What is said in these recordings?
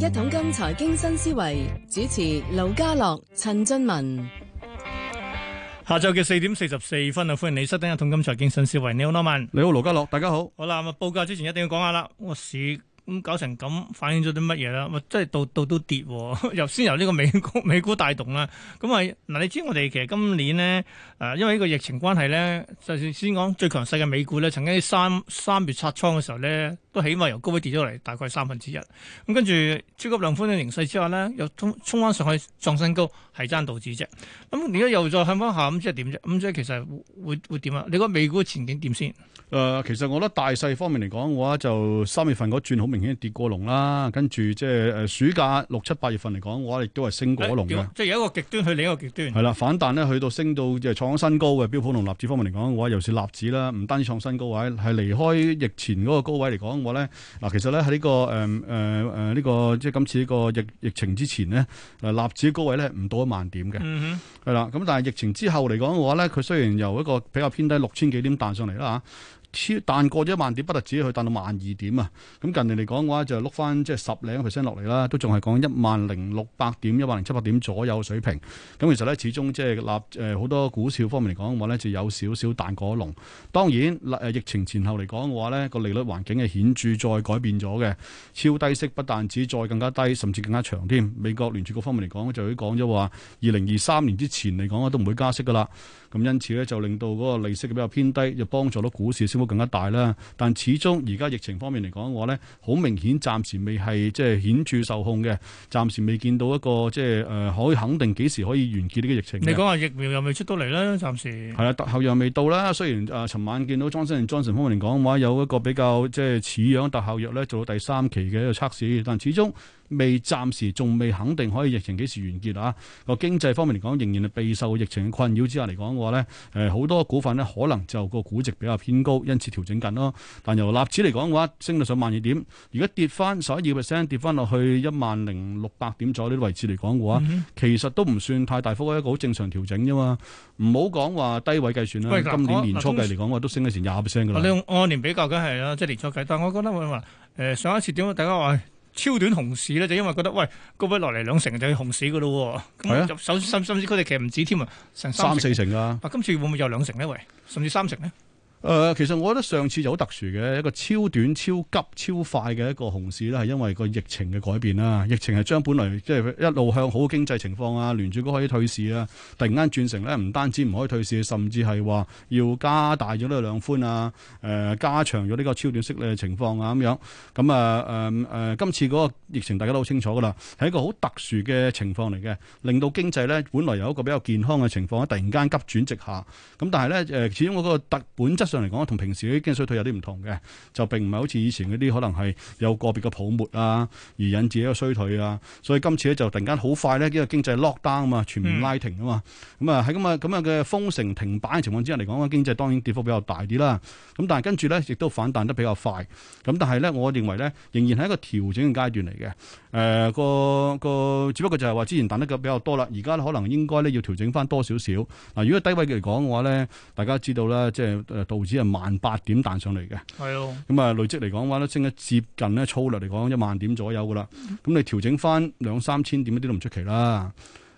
一桶金財經新思維，主持盧家樂、陳俊文。下晝嘅四點四十四分啊，歡迎你收聽一桶金財經新思維。你好，Norman。你好，盧家樂，大家好。好啦，咁啊，報價之前一定要講下啦。我市咁搞成咁，反映咗啲乜嘢啦？咁即係度度都跌，啊，又先由呢個美股美股帶動啦。咁啊，嗱、嗯，你知我哋其實今年呢，誒，因為呢個疫情關係咧，就算先講最強勢嘅美股咧，曾經三三月拆倉嘅時候咧。都起碼由高位跌咗落嚟，大概三分之一。咁跟住超級量寬嘅形勢之下呢又衝衝翻上去創新高，係爭道指啫。咁而家又再向翻下，咁即係點啫？咁即係其實會會點啊？你覺得美股前景點先？誒、呃，其實我覺得大勢方面嚟講嘅話，就三月份嗰轉好明顯跌過龍啦。跟住即係誒暑假六七八月份嚟講，嘅話亦都係升過龍嘅、欸。即係有一個極端去另一個極端。係啦，反彈呢去到升到誒、就是、創新高嘅標普同納指方面嚟講嘅話，尤其是納指啦，唔單止創新高位，係離開疫前嗰個高位嚟講。咧嗱，其實咧喺呢個誒誒誒呢個即係今次呢個疫疫情之前咧，納指高位咧唔到一萬點嘅，嗯哼，係啦。咁但係疫情之後嚟講嘅話咧，佢雖然由一個比較偏低六千幾點彈上嚟啦吓。超彈過咗一萬點，不但止，佢彈到萬二點啊！咁近年嚟講嘅話，就碌翻即係十零 percent 落嚟啦，都仲係講一萬零六百點、一萬零七百點左右水平。咁其實咧，始終即係立誒好、呃、多股市方面嚟講嘅話咧，就有少少彈過龍。當然，誒、呃、疫情前後嚟講嘅話咧，個利率環境係顯著再改變咗嘅，超低息不但止，再更加低，甚至更加長添。美國聯儲局方面嚟講，就會講咗話，二零二三年之前嚟講啊，都唔會加息噶啦。咁因此咧，就令到嗰個利息比較偏低，就幫助到股市。會更加大啦，但始終而家疫情方面嚟講嘅話咧，好明顯暫時未係即係顯著受控嘅，暫時未見到一個即係誒、呃，可以肯定幾時可以完結呢個疫情。你講話疫苗又未出到嚟啦，暫時係啊，特效藥未到啦。雖然啊，尋、呃、晚見到莊臣、莊臣方面嚟講嘅話有一個比較即係似樣特效藥咧，做到第三期嘅一個測試，但始終。未暫時仲未肯定可以疫情幾時完結啊！個經濟方面嚟講，仍然係備受疫情嘅困擾之下嚟講嘅話咧，誒好多股份咧可能就個估值比較偏高，因此調整緊咯。但由納指嚟講嘅話，升到上萬二點，而家跌翻十一二 percent，跌翻落去一萬零六百點左右呢啲位置嚟講嘅話，其實都唔算太大幅，一個好正常調整啫嘛。唔好講話低位計算啦。今年年初計嚟講嘅話，都升咗成廿 percent 㗎喇。你按年比較梗係啦，即係年初計。但係我覺得會話誒上一次點啊？大家話。超短熊市咧，就因為覺得喂，高位落嚟兩成就要熊市㗎喇喎。咁、啊、就甚甚至佢哋其實唔止添啊，三成三四成啊。啊今次會唔會又兩成呢？喂，甚至三成呢？誒、呃，其實我覺得上次就好特殊嘅一個超短、超急、超快嘅一個熊市咧，係因為個疫情嘅改變啦。疫情係將本來即係一路向好經濟情況啊，聯儲可以退市啊，突然間轉成咧，唔單止唔可以退市，甚至係話要加大咗呢個量寬啊，誒、呃、加長咗呢個超短息嘅情況啊，咁樣。咁啊誒誒，今次嗰個疫情大家都好清楚噶啦，係一個好特殊嘅情況嚟嘅，令到經濟咧本來有一個比較健康嘅情況，突然間急轉直下。咁但係咧誒，始終嗰個特本質。上嚟講，同平時啲經濟衰退有啲唔同嘅，就並唔係好似以前嗰啲可能係有個別嘅泡沫啊，而引致一個衰退啊。所以今次咧就突然間好快咧，呢個經濟 lock down 啊嘛，全面拉停啊嘛。咁啊喺咁啊咁樣嘅封城停板嘅情況之下嚟講，經濟當然跌幅比較大啲啦。咁但係跟住咧，亦都反彈得比較快。咁但係咧，我認為咧，仍然係一個調整嘅階段嚟嘅。誒、呃、個個只不過就係話之前彈得比較多啦，而家可能應該咧要調整翻多少少。嗱，如果低位嚟講嘅話咧，大家知道啦，即係到。滬指係萬八點彈上嚟嘅，係咯，咁啊、嗯、累積嚟講嘅話咧，升得接近咧粗略嚟講一萬點左右嘅啦，咁、嗯、你調整返兩三千點一啲都唔出奇啦。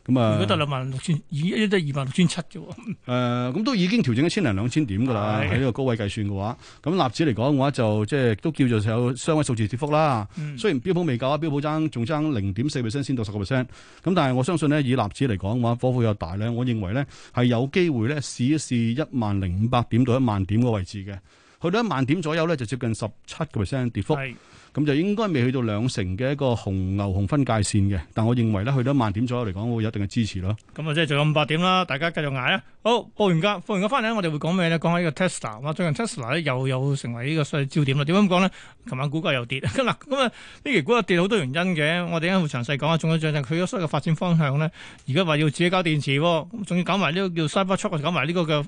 咁啊，嗯、如果得兩萬六千二，一得二萬六千七啫喎。誒，咁都已經調整一千零兩千點噶啦，喺呢 個高位計算嘅話，咁、嗯、納、嗯、指嚟講嘅話就即係都叫做有雙位數字跌幅啦。雖然標普未夠啊，標普爭仲爭零點四 percent 先到十個 percent，咁但係我相信咧，以納指嚟講嘅話波幅又大咧，我認為咧係有機會咧試一試一萬零五百點到一萬點個位置嘅。去到一萬點左右咧，就接近十七個 percent 跌幅，咁是就應該未去到兩成嘅一個紅牛紅分界線嘅。但我認為咧，去到一萬點左右嚟講，我會有一定嘅支持咯。咁啊，即係仲有五百點啦，大家繼續捱啊！好，報完價，報完價翻嚟，我哋會講咩呢？講下呢個 Tesla。最近 Tesla 咧又有成為呢個新焦點啦。點樣講呢？琴晚股價又跌啦。咁 啊，呢期股跌好多原因嘅。我哋一會詳細講下。仲有最近佢所謂嘅發展方向呢。而家話要自己搞電池，咁仲要搞埋呢個叫 Cybertruck，搞埋呢個嘅。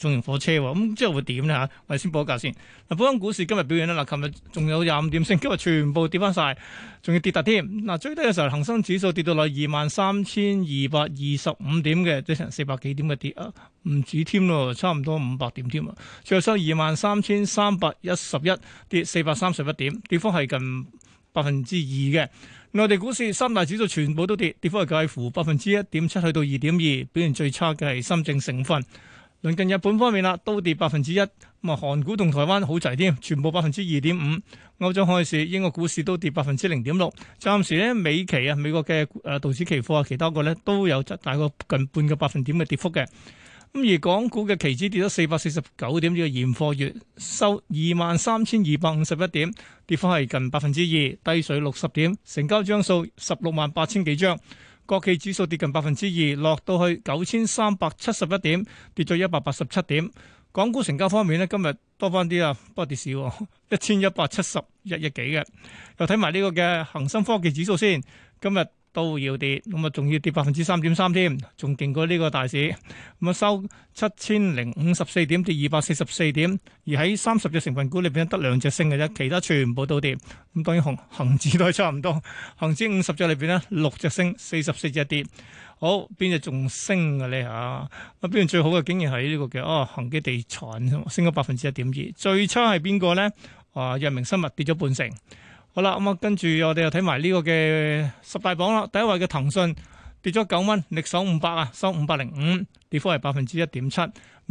中型火車喎，咁之後會點呢吓，我哋先報一價先嗱。本港股市今日表現咧，嗱，琴日仲有廿五點升，今日全部跌翻晒，仲要跌特添嗱。最低嘅時候，恒生指數跌到落二萬三千二百二十五點嘅，即成四百幾點嘅跌啊，唔止添咯，差唔多五百點添啊。最後收二萬三千三百一十一，跌四百三十一點，跌幅係、啊、近百分之二嘅。內地股市三大指數全部都跌，跌幅係介乎百分之一點七去到二點二，表現最差嘅係深圳成分。鄰近日本方面啦，都跌百分之一。咁啊，韓股同台灣好齊啲，全部百分之二點五。歐洲開市，英國股市都跌百分之零點六。暫時咧，美期啊，美國嘅誒道指期貨啊，其他個咧都有則大概近半個百分點嘅跌幅嘅。咁而港股嘅期指跌咗四百四十九點，呢、這個現貨月收二萬三千二百五十一點，跌幅係近百分之二，低水六十點，成交張數十六萬八千幾張。國企指數跌近百分之二，落到去九千三百七十一點，跌咗一百八十七點。港股成交方面咧，今日多翻啲啊，不過跌少，一千一百七十一億幾嘅。又睇埋呢個嘅恒生科技指數先，今日。都要跌，咁啊仲要跌百分之三點三添，仲勁過呢個大市，咁啊收七千零五十四點，跌二百四十四點。而喺三十隻成分股裏邊得兩隻升嘅啫，其他全部都跌，咁當然恒恒指都係差唔多，恒指五十隻裏邊咧六隻升，四十四隻跌，好邊隻仲升嘅咧吓？啊邊最好嘅竟然係呢個叫哦恒基地產，升咗百分之一點二，最差係邊個咧啊藥明生物跌咗半成。好啦，咁啊，跟住我哋又睇埋呢個嘅十大榜啦，第一位嘅騰訊跌咗九蚊，力守五百啊，收五百零五，跌幅係百分之一點七。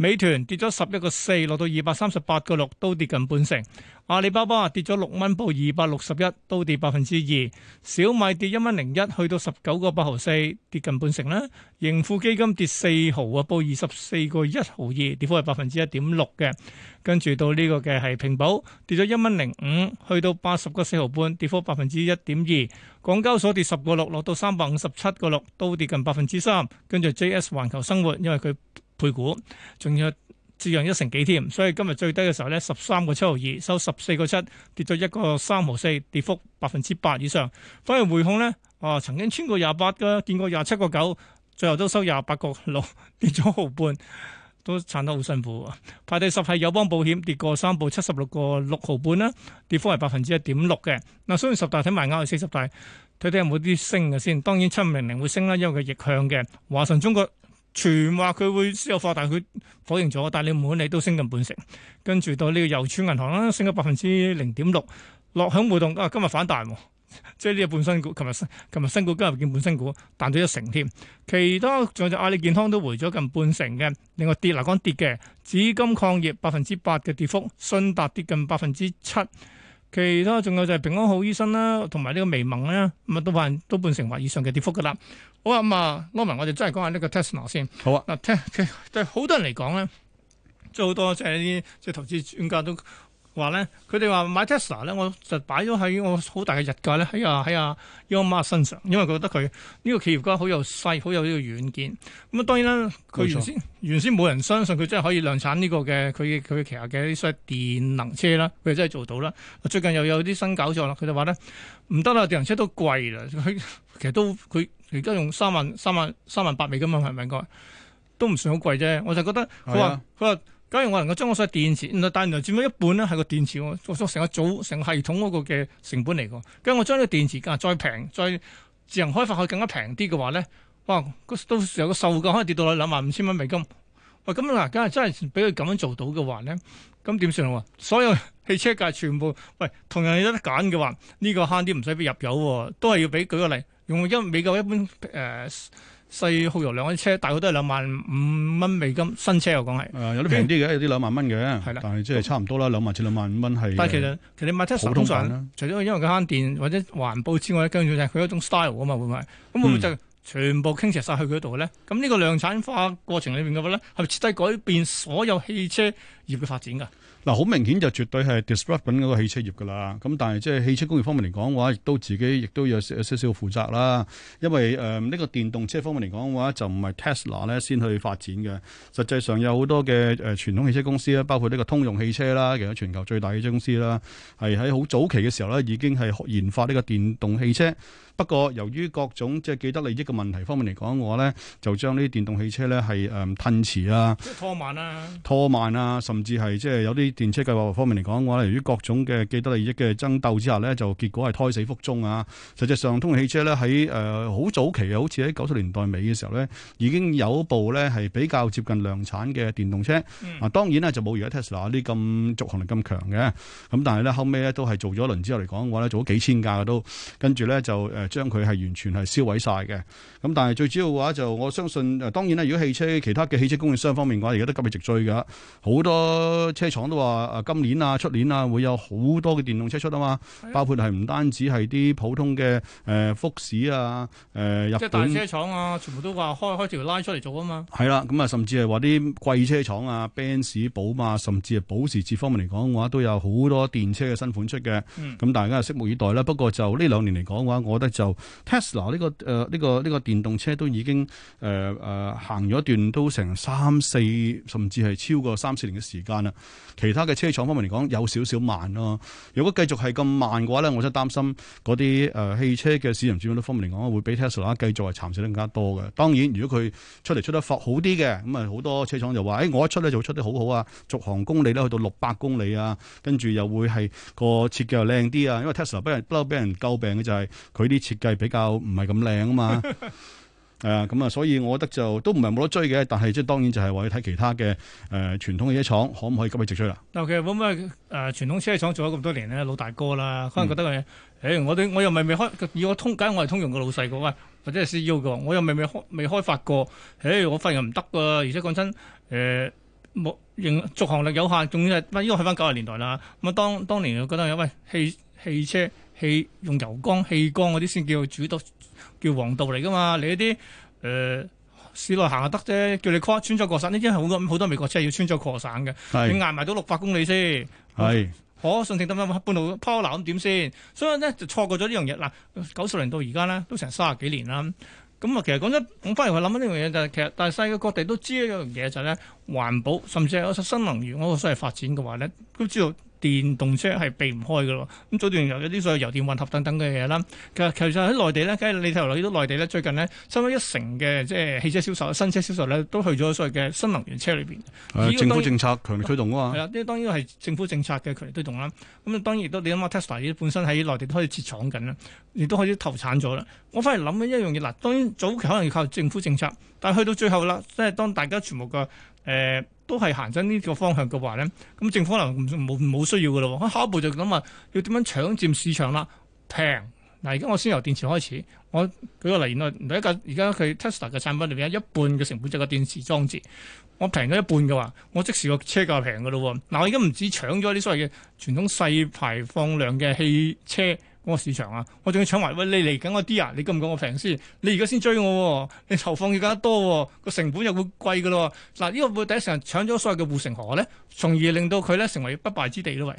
美團跌咗十一個四，落到二百三十八個六，都跌近半成。阿里巴巴跌咗六蚊，報二百六十一，都跌百分之二。小米跌一蚊零一，去到十九個八毫四，跌近半成啦。盈富基金跌四毫啊，報二十四個一毫二，跌幅係百分之一點六嘅。跟住到呢個嘅係平保跌咗一蚊零五，去到八十個四毫半，跌幅百分之一點二。港交所跌十個六，落到三百五十七個六，都跌近百分之三。跟住 JS 環球生活，因為佢。配股，仲要折讓一成幾添，所以今日最低嘅時候咧，十三個七毫二，收十四個七，跌咗一個三毫四，跌幅百分之八以上。反而匯控咧，啊，曾經穿過廿八嘅，見過廿七個九，最後都收廿八個六，跌咗毫半，都撐得好辛苦。排第十係友邦保險，跌過三部七十六個六毫半啦，跌幅係百分之一點六嘅。嗱，雖然十大睇埋啱，係四十大，睇睇有冇啲升嘅先。當然七五零零會升啦，因為佢逆向嘅華晨中國。傳話佢會私有化，但係佢否認咗。但係你滿你都升近半成，跟住到呢個郵儲銀行啦，升咗百分之零點六，落響活動啊，今日反彈啊，即係呢個半新股，琴日琴日新股，今日見半新股，彈咗一成添。其他仲有隻阿里健康都回咗近半成嘅，另外跌嗱講跌嘅，紫金礦業百分之八嘅跌幅，信達跌近百分之七。其他仲有就係平安好醫生啦，同埋呢個微盟咧，咁啊都半都半成或以上嘅跌幅噶啦。好啊，咁啊，Norman 我哋真係講下呢個 Tesla 先。好啊，嗱，Tesla、啊、對好多人嚟講咧，好 多即係呢啲即係投資專家都。話咧，佢哋話買 Tesla 咧，我就擺咗喺我好大嘅日價咧，喺啊喺啊 Yo 媽身上，因為覺得佢呢個企業家好有勢，好有呢個軟件。咁、嗯、啊，當然啦，佢原先錯原先冇人相信佢真係可以量產呢個嘅佢佢旗下嘅啲所謂電能車啦，佢真係做到啦。最近又有啲新搞作啦，佢就話咧唔得啦，電能車都貴啦。佢其實都佢而家用三萬三萬三萬八美金嘛，係咪係咪講都唔算好貴啫。我就覺得佢話佢話。哎呀假如我能夠將我所有電池，原來但原來佔咗一半咧，係個電池我做成個組成個系統嗰個嘅成本嚟嘅。假如我將啲電池價再平，再，再自行開發可以更加平啲嘅話咧，哇！到時候個售價可以跌到去兩萬五千蚊美金。喂，咁嗱，假如真係俾佢咁樣做到嘅話咧，咁點算？所有汽車價全部，喂，同樣有得揀嘅話，呢、這個慳啲唔使俾入油、哦，都係要俾。舉個例，用一美金一般。誒、呃。細耗油量嗰啲車，大概都係兩萬五蚊美金，新車又講係。誒、啊，有啲平啲嘅，有啲兩萬蚊嘅。係啦的，但係即係差唔多啦，兩那萬至兩萬五蚊係。但係其實其實你買 Tesla 通常除咗因為佢慳電或者環保之外，跟住就係佢一種 style 啊嘛，會唔會？咁會唔會就全部傾斜晒去佢度咧？咁呢、嗯、個量產化過程裏面嘅話咧，係咪徹底改變所有汽車業嘅發展㗎？嗱，好明顯就絕對係 disrupt 緊嗰個汽車業㗎喇。咁但係即係汽車工業方面嚟講話，亦都自己亦都有少少負責啦。因為誒呢個電動車方面嚟講話，就唔係 Tesla 咧先去發展嘅。實際上有好多嘅誒傳統汽車公司啦，包括呢個通用汽車啦，其實全球最大汽車公司啦，係喺好早期嘅時候咧，已經係研發呢個電動汽車。不過，由於各種即係既得利益嘅問題方面嚟講，嘅話咧就將呢啲電動汽車咧係誒吞蝕啊，拖慢啊，拖慢啊，甚至係即係有啲電車計劃方面嚟講嘅話咧，由於各種嘅既得利益嘅爭鬥之下咧，就結果係胎死腹中啊！實際上，通用汽車咧喺誒好早期嘅，好似喺九十年代尾嘅時候咧，已經有部咧係比較接近量產嘅電動車。嗯。嗱，當然咧就冇而家 Tesla 啲咁續航力咁強嘅，咁但係咧後尾咧都係做咗一輪之後嚟講嘅話咧，做咗幾千架都跟住咧就誒。將佢係完全係燒毀晒嘅，咁但係最主要嘅話就我相信，當然啦，如果汽車其他嘅汽車供應商方面嘅話，而家都急起直追嘅，好多車廠都話誒今年啊、出年啊會有好多嘅電動車出啊嘛，包括係唔單止係啲普通嘅誒福士啊、誒日本即係大車廠啊，全部都話開開條拉出嚟做啊嘛，係啦，咁啊甚至係話啲貴車廠啊，賓士、寶馬，甚至係保時捷方面嚟講嘅話，都有好多電車嘅新款出嘅，咁、嗯、大家啊拭目以待啦。不過就呢兩年嚟講嘅話，我覺得。就 Tesla 呢個誒呢、呃這個呢、這個電動車都已經誒誒、呃呃、行咗一段都成三四甚至係超過三四年嘅時間啦。其他嘅車廠方面嚟講，有少少慢咯、啊。如果繼續係咁慢嘅話咧，我真係擔心嗰啲誒汽車嘅市場轉變方面嚟講會比 Tesla 繼續係蠶食得更加多嘅。當然，如果佢出嚟出得發好啲嘅，咁啊好多車廠就話誒、哎、我一出咧就會出得好好啊，續航公里咧去到六百公里啊，跟住又會係個設計又靚啲啊。因為 Tesla 不嬲不嬲俾人詬病嘅就係佢啲。設計比較唔係咁靚啊嘛，誒、 啊，咁啊，所以我覺得就都唔係冇得追嘅，但係即係當然就係話要睇其他嘅誒傳統嘅車廠可唔可以急起直追啦？嗱、okay，其實冇咩誒傳統車廠做咗咁多年咧，老大哥啦，可能覺得誒，誒、嗯哎，我哋我又未未開，以我通，梗係我係通用嘅老細個、哎，或者係 CEO 個，我又未未開，未開發過，誒、哎，我發現唔得噶，而且講真，誒、呃，冇續航力有限，仲要係，因為喺翻九十年代啦，咁當當年覺得喂，汽汽車。汽用油缸氣缸嗰啲先叫主道，叫黃道嚟㗎嘛？你啲誒市內行下得啫，叫你跨穿州過省，呢啲好多好多美國車要穿州過省嘅，是你捱埋到六百公里先。係是、嗯，可順順當當半路拋樓咁點先？所以咧就錯過咗呢樣嘢嗱。九十年到而家咧都成三十幾年啦。咁、嗯、啊，其實講真，我翻嚟話諗緊呢樣嘢就係其實，但係世界各地都知一樣嘢就係咧，環保甚至係新新能源嗰個所謂發展嘅話咧，都知道。電動車係避唔開嘅咯，咁早段有啲所謂油電混合等等嘅嘢啦。其實其實喺內地咧，梗係你睇嚟睇到內地咧，最近呢，差唔多一成嘅即係汽車銷售、新車銷售咧，都去咗所謂嘅新能源車裏邊。啊、政府政策強力推動啊嘛。係啦、嗯，呢當然係政府政策嘅強力推動啦。咁、嗯、當然亦都你諗下 Tesla 本身喺內地都可以設廠緊啦，亦都可以投產咗啦。我反而諗緊一樣嘢，嗱，當然早期可能要靠政府政策，但係去到最後啦，即係當大家全部個。誒、呃、都係行緊呢個方向嘅話咧，咁政府可能冇冇需要嘅咯喎，下一步就諗話要點樣搶佔市場啦，平。嗱而家我先由電池開始，我舉個例，原來第一架而家佢 Tesla 嘅產品裏邊有一半嘅成本就係電池裝置，我平咗一半嘅話，我即時個車價平嘅咯喎。嗱，我而家唔止搶咗啲所謂嘅傳統細排放量嘅汽車。嗰個、哦、市場啊，我仲要搶埋喂，你嚟緊我啲啊，你夠唔夠我平先？你而家先追我、哦，你投放要更加多、哦，個成本又會貴㗎咯。嗱，呢、這個會第一時間搶咗所有嘅護城河咧，從而令到佢咧成為不敗之地咯，喂。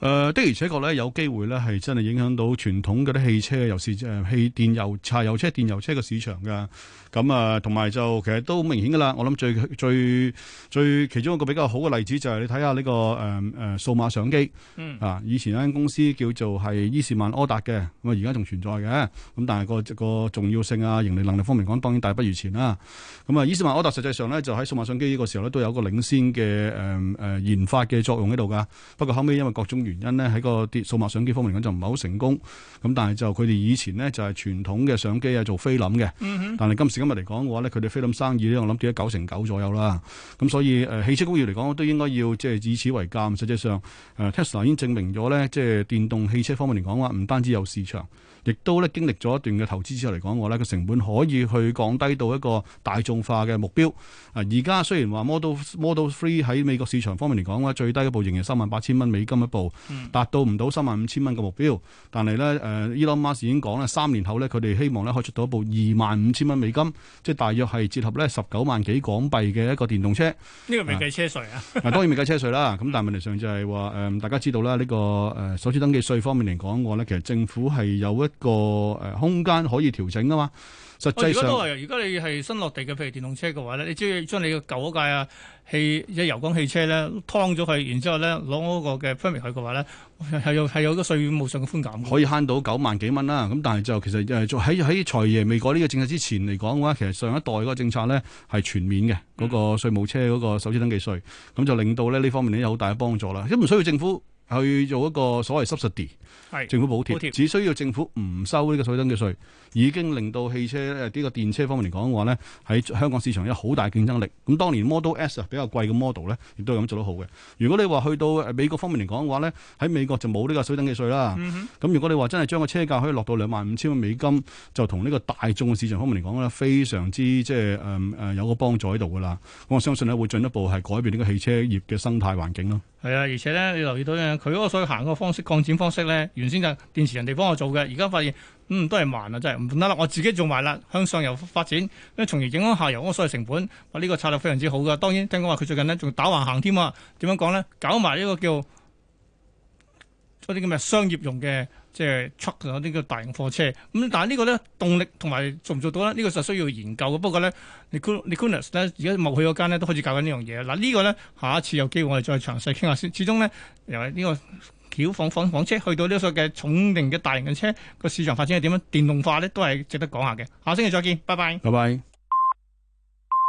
誒、呃、的而且確咧，有機會咧係真係影響到傳統嗰啲汽車、油市誒、氣、呃、電油、柴油車電油車嘅市場嘅。咁啊，同埋就其實都好明顯噶啦。我諗最最最其中一個比較好嘅例子就係你睇下呢、這個誒誒、嗯呃、數碼相機。嗯、啊，以前有一間公司叫做係伊士曼柯達嘅，咁啊而家仲存在嘅。咁但係個個重要性啊、盈利能力方面講，當然大不如前啦、啊。咁、嗯、啊，伊士曼柯達實際上咧就喺數碼相機呢個時候咧都有個領先嘅誒誒研發嘅作用喺度噶。不過後尾因為各種原因咧喺個啲數碼相機方面講就唔係好成功，咁但係就佢哋以前咧就係、是、傳統嘅相機啊做菲林嘅，嗯、哼但係今時今日嚟講嘅話咧，佢哋菲林生意咧我諗跌咗九成九左右啦，咁所以誒、呃、汽車工業嚟講都應該要即係以此為鑑，實際上誒、呃、Tesla 已經證明咗咧即係電動汽車方面嚟講話唔單止有市場。亦都咧經歷咗一段嘅投資之後嚟講，我咧個成本可以去降低到一個大眾化嘅目標。啊，而家雖然話 Model Model Three 喺美國市場方面嚟講咧，最低嘅部仍然三萬八千蚊美金一部，達到唔到三萬五千蚊嘅目標。但係咧，誒 Elon Musk 已經講咧，三年後咧佢哋希望咧可以出到一部二萬五千蚊美金，即係大約係折合咧十九萬幾港幣嘅一個電動車。呢個未計車稅啊！嗱 當然未計車稅啦。咁但係問題上就係話，誒、呃、大家知道啦，呢、這個誒、呃、首次登記稅方面嚟講，我咧其實政府係有一個誒、呃、空間可以調整噶嘛？實際上，如果都係，而家你係新落地嘅，譬如電動車嘅話咧，你只要將你嘅舊嗰屆啊汽，即係油缸汽車咧，劏咗佢，然之後咧攞嗰個嘅 permit 去嘅話咧，係有係有嗰個稅務上嘅寬減。可以慳到九萬幾蚊啦，咁但係就其實誒，就喺喺財爺未改呢個政策之前嚟講嘅話，其實上一代嗰個政策咧係全面嘅嗰、嗰個稅務車嗰個首次登記稅，咁就令到咧呢方面有好大嘅幫助啦，都唔需要政府。去做一個所謂 subsidy，是政府補貼，補貼，只需要政府唔收呢個首次登記稅，已經令到汽車呢呢、呢個電車方面嚟講嘅話咧，喺香港市場有好大競爭力。咁當年 Model S 啊比較貴嘅 Model 咧，亦都係咁做得好嘅。如果你話去到美國方面嚟講嘅話咧，喺美國就冇呢個首次登記稅啦。咁、嗯、哼如果你話真係將個車價可以落到兩萬五千蚊美金，就同呢個大眾嘅市場方面嚟講咧，非常之即係誒誒有個幫助喺度噶啦。咁我相信咧會進一步係改變呢個汽車業嘅生態環境咯。係啊，而且咧，你留意到咧，佢嗰個所謂行嗰個方式，擴展方式咧，原先就電池人哋幫我做嘅，而家發現嗯都係慢啊，真係唔得啦，我自己做埋啦，向上游發展，咁從而影響下游嗰個所謂成本，哇！呢個策略非常之好噶。當然聽講話佢最近咧仲打橫行添啊，點樣講咧？搞埋呢個叫。嗰啲咁嘅商業用嘅，即係 truck 啊，呢個大型貨車。咁但係呢個咧動力同埋做唔做到咧？呢、這個就需要研究嘅。不過咧，i k o n 拉 s 咧而家冇去嗰間咧都開始搞緊、這個、呢樣嘢。嗱，呢個咧下一次有機會我哋再詳細傾下先。始終咧，由呢個小房房房車去到呢個嘅重定嘅大型嘅車個市場發展係點樣？電動化咧都係值得講下嘅。下星期再見，拜拜。拜拜。